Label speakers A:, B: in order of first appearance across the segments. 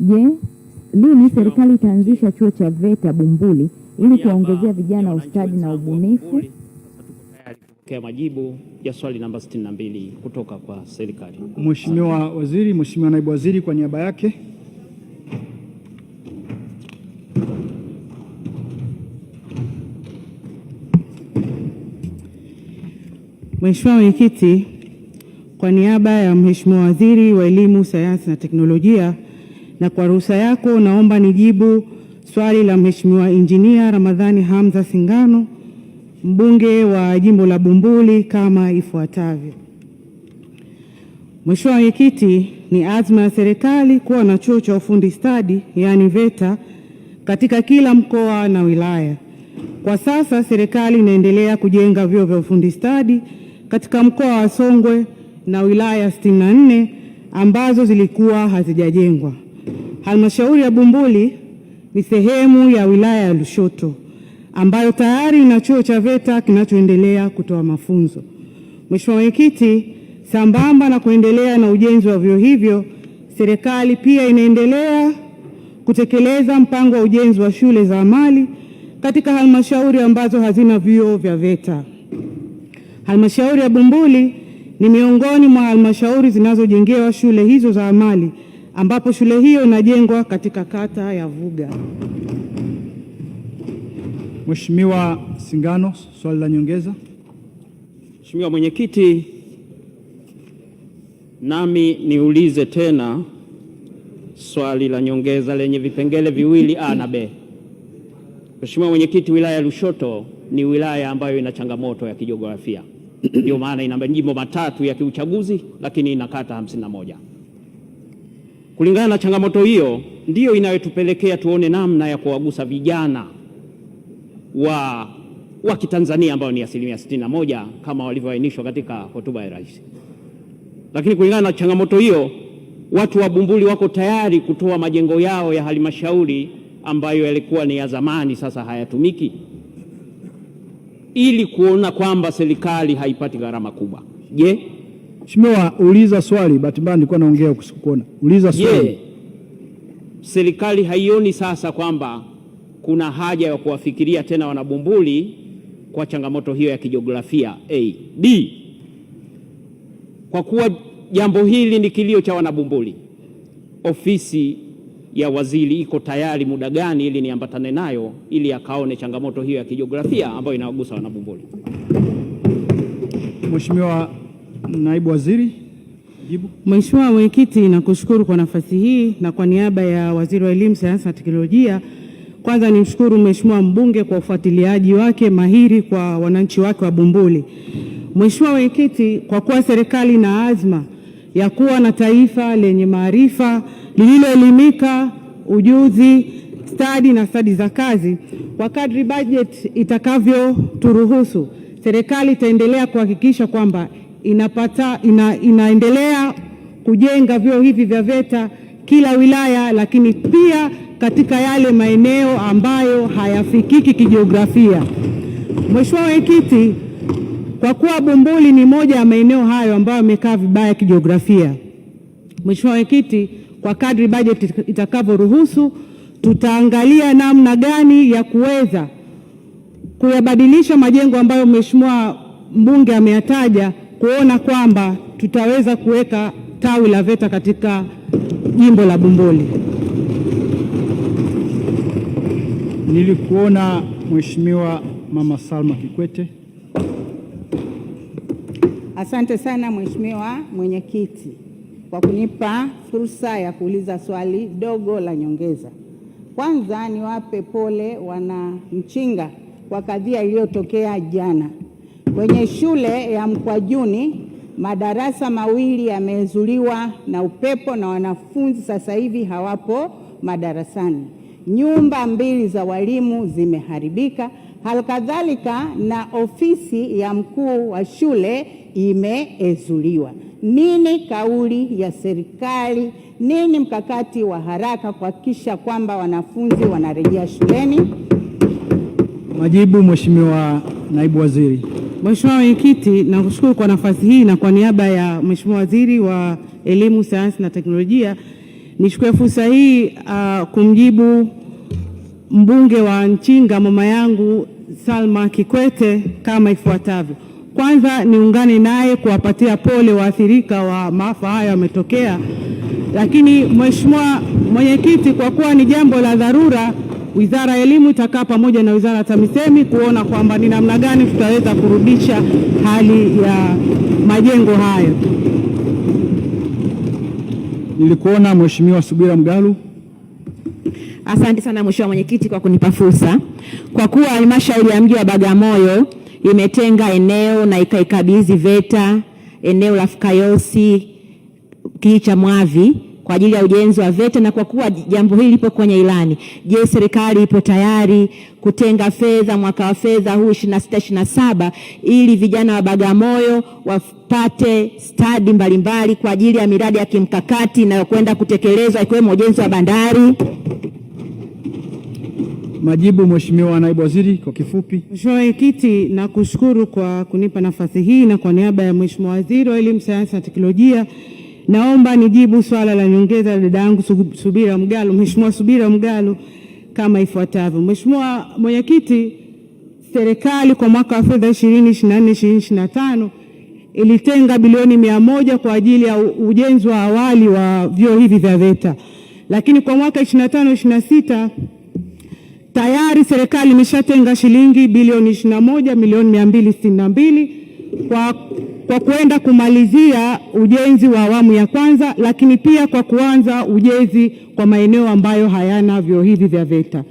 A: Je, lini serikali itaanzisha chuo cha VETA Bumbuli ili kuongezea vijana ustadi na ubunifu?
B: Kupokea majibu ya swali namba 62 kutoka kwa serikali.
C: Mheshimiwa Waziri, Mheshimiwa Naibu Waziri kwa niaba yake.
D: Mheshimiwa Mwenyekiti, kwa niaba ya Mheshimiwa Waziri wa Elimu, Sayansi na Teknolojia na kwa ruhusa yako naomba nijibu swali la Mheshimiwa Injinia Ramadhani Hamza Singano, mbunge wa jimbo la Bumbuli kama ifuatavyo. Mheshimiwa Mwenyekiti, ni azma ya serikali kuwa na chuo cha ufundi stadi yaani VETA katika kila mkoa na wilaya. Kwa sasa serikali inaendelea kujenga vyuo vya ufundi stadi katika mkoa wa Songwe na wilaya 64 ambazo zilikuwa hazijajengwa. Halmashauri ya Bumbuli ni sehemu ya wilaya ya Lushoto ambayo tayari ina chuo cha VETA kinachoendelea kutoa mafunzo. Mheshimiwa Mwenyekiti, sambamba na kuendelea na ujenzi wa vyuo hivyo, serikali pia inaendelea kutekeleza mpango wa ujenzi wa shule za amali katika halmashauri ambazo hazina vyuo vya VETA. Halmashauri ya Bumbuli ni miongoni mwa halmashauri zinazojengewa shule hizo za amali ambapo shule hiyo inajengwa katika kata ya Vuga.
C: Mheshimiwa Singano, swali la nyongeza.
B: Mheshimiwa Mwenyekiti, nami niulize tena swali la nyongeza lenye vipengele viwili A na B. Mheshimiwa Mwenyekiti, wilaya ya Lushoto ni wilaya ambayo ina changamoto ya kijiografia, ndio maana ina majimbo matatu ya kiuchaguzi, lakini ina kata hamsini na moja. Kulingana na changamoto hiyo, ndiyo inayotupelekea tuone namna ya kuwagusa vijana wa wa Kitanzania ambao ni asilimia 61 na moja kama walivyoainishwa katika hotuba ya Rais. Lakini kulingana na changamoto hiyo, watu wa Bumbuli wako tayari kutoa majengo yao ya halmashauri ambayo yalikuwa ni ya zamani, sasa hayatumiki, ili kuona kwamba serikali haipati gharama kubwa. Je,
C: Mheshimiwa, uliza swali. Bahati mbaya nilikuwa naongea kusikuona. Uliza swali. Je,
B: serikali haioni sasa kwamba kuna haja ya kuwafikiria tena wanabumbuli kwa changamoto hiyo ya kijiografia A. B. Kwa kuwa jambo hili ni kilio cha wanabumbuli, ofisi ya waziri iko tayari muda gani ili niambatane nayo ili akaone changamoto hiyo ya kijiografia ambayo inawagusa wanabumbuli?
C: Mheshimiwa Naibu Waziri,
D: jibu. Mheshimiwa Mwenyekiti, nakushukuru kwa nafasi hii na kwa niaba ya Waziri wa Elimu, Sayansi na Teknolojia, kwanza nimshukuru Mheshimiwa mbunge kwa ufuatiliaji wake mahiri kwa wananchi wake wa Bumbuli. Mheshimiwa Mwenyekiti, kwa kuwa serikali ina azma ya kuwa na taifa lenye maarifa lililoelimika, ujuzi, stadi na stadi za kazi, kwa kadri bajeti itakavyoturuhusu, serikali itaendelea kuhakikisha kwamba inapata ina, inaendelea kujenga vyuo hivi vya VETA kila wilaya, lakini pia katika yale maeneo ambayo hayafikiki kijiografia. Mheshimiwa Mwenyekiti, kwa kuwa Bumbuli ni moja ya maeneo hayo ambayo yamekaa vibaya kijiografia, Mheshimiwa Mwenyekiti, kwa kadri bajeti itakavyoruhusu tutaangalia namna gani ya kuweza kuyabadilisha majengo ambayo Mheshimiwa mbunge ameyataja kuona kwamba tutaweza kuweka tawi la VETA katika jimbo la Bumbuli.
C: Nilikuona Mheshimiwa Mama Salma Kikwete.
E: Asante sana Mheshimiwa Mwenyekiti kwa kunipa fursa ya kuuliza swali dogo la nyongeza. Kwanza niwape pole wana Mchinga kwa kadhia iliyotokea jana. Kwenye shule ya Mkwajuni madarasa mawili yamezuliwa na upepo na wanafunzi sasa hivi hawapo madarasani. Nyumba mbili za walimu zimeharibika, halikadhalika na ofisi ya mkuu wa shule imeezuliwa. Nini kauli ya serikali? Nini mkakati wa haraka kuhakikisha kwamba wanafunzi wanarejea shuleni?
C: Majibu, Mheshimiwa Naibu Waziri.
D: Mheshimiwa Mwenyekiti, nakushukuru kwa nafasi hii na kwa niaba ya Mheshimiwa Waziri wa Elimu, Sayansi na Teknolojia, nichukue fursa hii uh, kumjibu mbunge wa Nchinga mama yangu Salma Kikwete kama ifuatavyo. Kwanza niungane naye kuwapatia pole waathirika wa maafa haya yametokea, lakini Mheshimiwa Mwenyekiti, kwa kuwa ni jambo la dharura wizara ya elimu itakaa pamoja na wizara ya TAMISEMI kuona kwamba ni namna gani tutaweza kurudisha hali ya majengo hayo.
C: Nilikuona Mheshimiwa Subira Mgalu.
F: Asante sana Mheshimiwa Mwenyekiti kwa kunipa fursa. Kwa kuwa halmashauri ya mji wa Bagamoyo imetenga eneo na ikaikabidhi VETA eneo la Fukayosi kijiji cha Mwavi kwa ajili ya ujenzi wa VETA, na kwa kuwa jambo hili lipo kwenye ilani, je, serikali ipo tayari kutenga fedha mwaka wa fedha huu 26 27 ili vijana wa Bagamoyo wapate stadi mbalimbali kwa ajili ya miradi ya kimkakati inayokwenda kutekelezwa ikiwemo ujenzi wa bandari?
C: Majibu, Mheshimiwa Naibu Waziri, kwa kifupi.
D: Mheshimiwa Mwenyekiti, nakushukuru kwa kunipa nafasi hii na kwa niaba ya Mheshimiwa Waziri wa Elimu, Sayansi na Teknolojia Naomba nijibu swala la nyongeza la dada yangu Subira Mgalo, Mheshimiwa Subira Mgalo kama ifuatavyo. Mheshimiwa Mwenyekiti, serikali kwa mwaka wa fedha 2024 2025 ilitenga bilioni mia moja kwa ajili ya ujenzi wa awali wa vyoo hivi vya VETA, lakini kwa mwaka 25 26 tayari serikali imeshatenga shilingi bilioni 21 milioni 262 kwa, kwa kuenda kumalizia ujenzi wa awamu ya kwanza, lakini pia kwa kuanza ujenzi kwa maeneo ambayo hayana vyoo hivi vya VETA.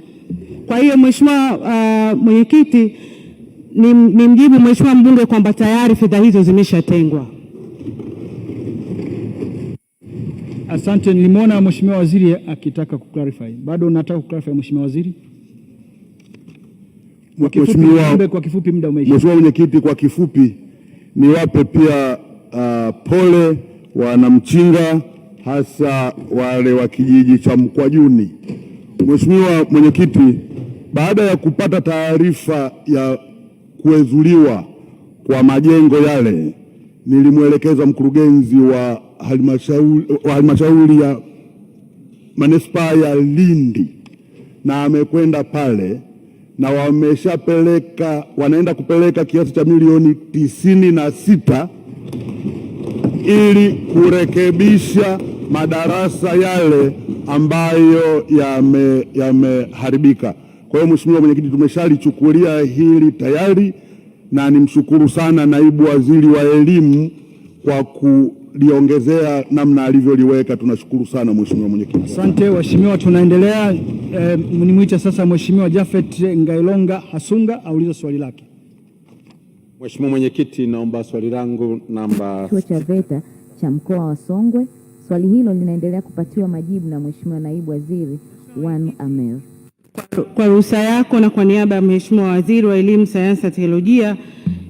D: Kwa hiyo Mheshimiwa uh, Mwenyekiti, ni, ni mjibu Mheshimiwa mbunge kwamba tayari fedha hizo zimeshatengwa.
C: Asante. Nilimwona Mheshimiwa Waziri akitaka kuclarify. Bado unataka kuclarify Mheshimiwa Waziri?
G: Mheshimiwa Mwenyekiti, kwa kifupi niwape pia uh, pole wanamchinga hasa wale wa kijiji cha Mkwajuni. Mheshimiwa Mwenyekiti, baada ya kupata taarifa ya kuezuliwa kwa majengo yale, nilimwelekeza mkurugenzi wa halmashauri wa halmashauri ya manispaa ya Lindi na amekwenda pale na wameshapeleka wanaenda kupeleka kiasi cha milioni tisini na sita ili kurekebisha madarasa yale ambayo yameharibika yame. Kwa hiyo Mheshimiwa Mwenyekiti, tumeshalichukulia hili tayari na nimshukuru sana naibu waziri wa elimu kwa ku kuliongezea namna alivyoliweka. Tunashukuru sana mheshimiwa mwenyekiti.
C: Asante waheshimiwa, tunaendelea. E, eh, nimwite sasa mheshimiwa jafet Ngailonga Hasunga aulize swali lake.
H: Mheshimiwa mwenyekiti, naomba swali langu namba
A: chuo cha VETA cha mkoa wa Songwe. Swali hilo linaendelea kupatiwa majibu na mheshimiwa naibu waziri Wan amel
D: Kwa ruhusa yako na kwa niaba ya mheshimiwa waziri wa elimu, sayansi na teknolojia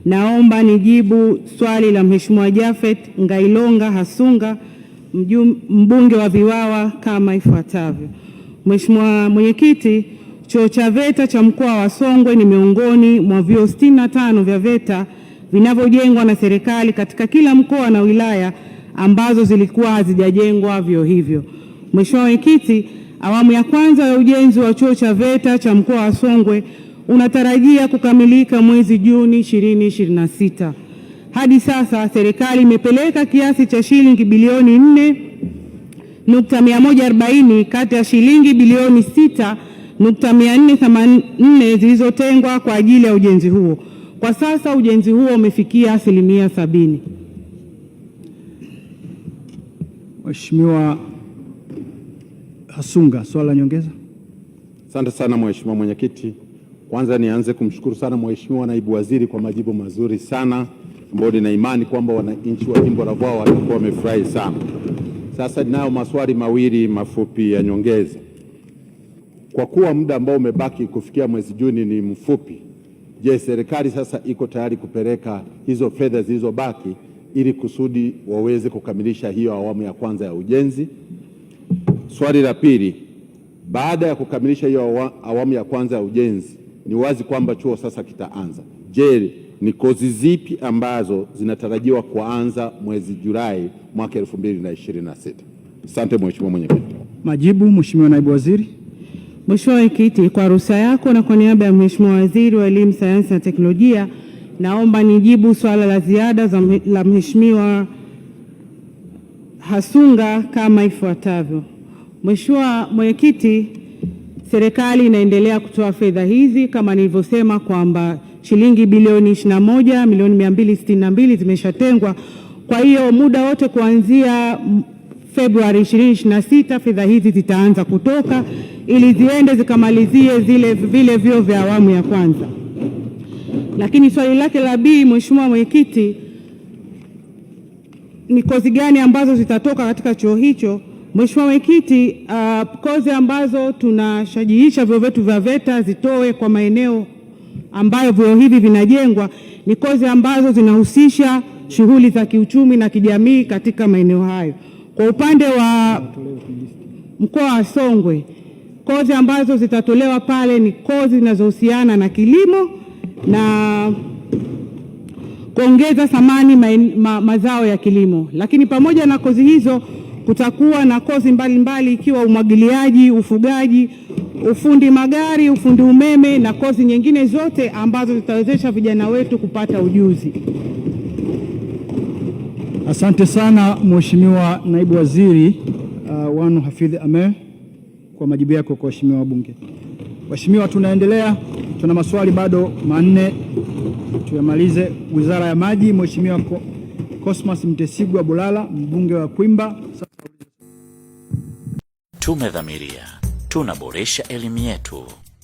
D: Naomba nijibu swali la Mheshimiwa Japhet Ngailonga Hasunga mbunge wa Viwawa kama ifuatavyo. Mheshimiwa Mwenyekiti, chuo cha VETA cha mkoa wa Songwe ni miongoni mwa vyuo tano vya VETA vinavyojengwa na serikali katika kila mkoa na wilaya ambazo zilikuwa hazijajengwa vyuo hivyo. Mheshimiwa Mwenyekiti, awamu ya kwanza ya ujenzi wa chuo cha VETA cha mkoa wa Songwe unatarajia kukamilika mwezi Juni 2026. Hadi sasa serikali imepeleka kiasi cha shilingi bilioni 4.140 kati ya shilingi bilioni 6.484 zilizotengwa kwa ajili ya ujenzi huo. Kwa sasa ujenzi huo umefikia asilimia sabini.
C: Mheshimiwa Hasunga, swala la nyongeza.
I: Asante sana Mheshimiwa Mwenyekiti. Kwanza nianze kumshukuru sana Mheshimiwa Naibu Waziri kwa majibu mazuri sana ambayo nina imani kwamba wananchi wa jimbo la Vwawa watakuwa wamefurahi sana. Sasa ninayo maswali mawili mafupi ya nyongeza. Kwa kuwa muda ambao umebaki kufikia mwezi Juni ni mfupi, je, serikali sasa iko tayari kupeleka hizo fedha zilizobaki ili kusudi waweze kukamilisha hiyo awamu ya kwanza ya ujenzi? Swali la pili, baada ya kukamilisha hiyo awamu ya kwanza ya ujenzi ni wazi kwamba chuo sasa kitaanza. Je, ni kozi zipi ambazo zinatarajiwa kuanza mwezi Julai mwaka 2026? Asante Mheshimiwa Mwenyekiti.
C: Majibu. Mheshimiwa Naibu Waziri.
D: Mheshimiwa Mwenyekiti, kwa ruhusa yako na kwa niaba ya Mheshimiwa Waziri wa Elimu, Sayansi na Teknolojia, naomba nijibu swala la ziada za la Mheshimiwa Hasunga kama ifuatavyo. Mheshimiwa Mwenyekiti, Serikali inaendelea kutoa fedha hizi kama nilivyosema kwamba shilingi bilioni 21 milioni 262 zimeshatengwa. Kwa hiyo muda wote kuanzia Februari 2026 fedha hizi zitaanza kutoka ili ziende zikamalizie zile vile vyo vya awamu ya kwanza. Lakini swali lake la B, Mheshimiwa Mwenyekiti, ni kozi gani ambazo zitatoka katika chuo hicho? Mheshimiwa Mwenyekiti, uh, kozi ambazo tunashajiisha vyuo vyetu vya VETA zitoe kwa maeneo ambayo vyuo hivi vinajengwa ni kozi ambazo zinahusisha shughuli za kiuchumi na kijamii katika maeneo hayo. Kwa upande wa mkoa wa Songwe, kozi ambazo zitatolewa pale ni kozi zinazohusiana na kilimo na kuongeza thamani ma, mazao ya kilimo. Lakini pamoja na kozi hizo Kutakuwa na kozi mbalimbali mbali, ikiwa umwagiliaji, ufugaji, ufundi magari, ufundi umeme na kozi nyingine zote ambazo zitawezesha vijana wetu kupata ujuzi.
C: Asante sana Mheshimiwa Naibu Waziri uh, Wanu Hafidh ame kwa majibu yako kwa waheshimiwa wabunge. Waheshimiwa, tunaendelea, tuna maswali bado manne tuyamalize. Wizara ya Maji, Mheshimiwa Cosmas Mtesigwa Bulala, mbunge wa Kwimba tumedhamiria, tunaboresha elimu yetu.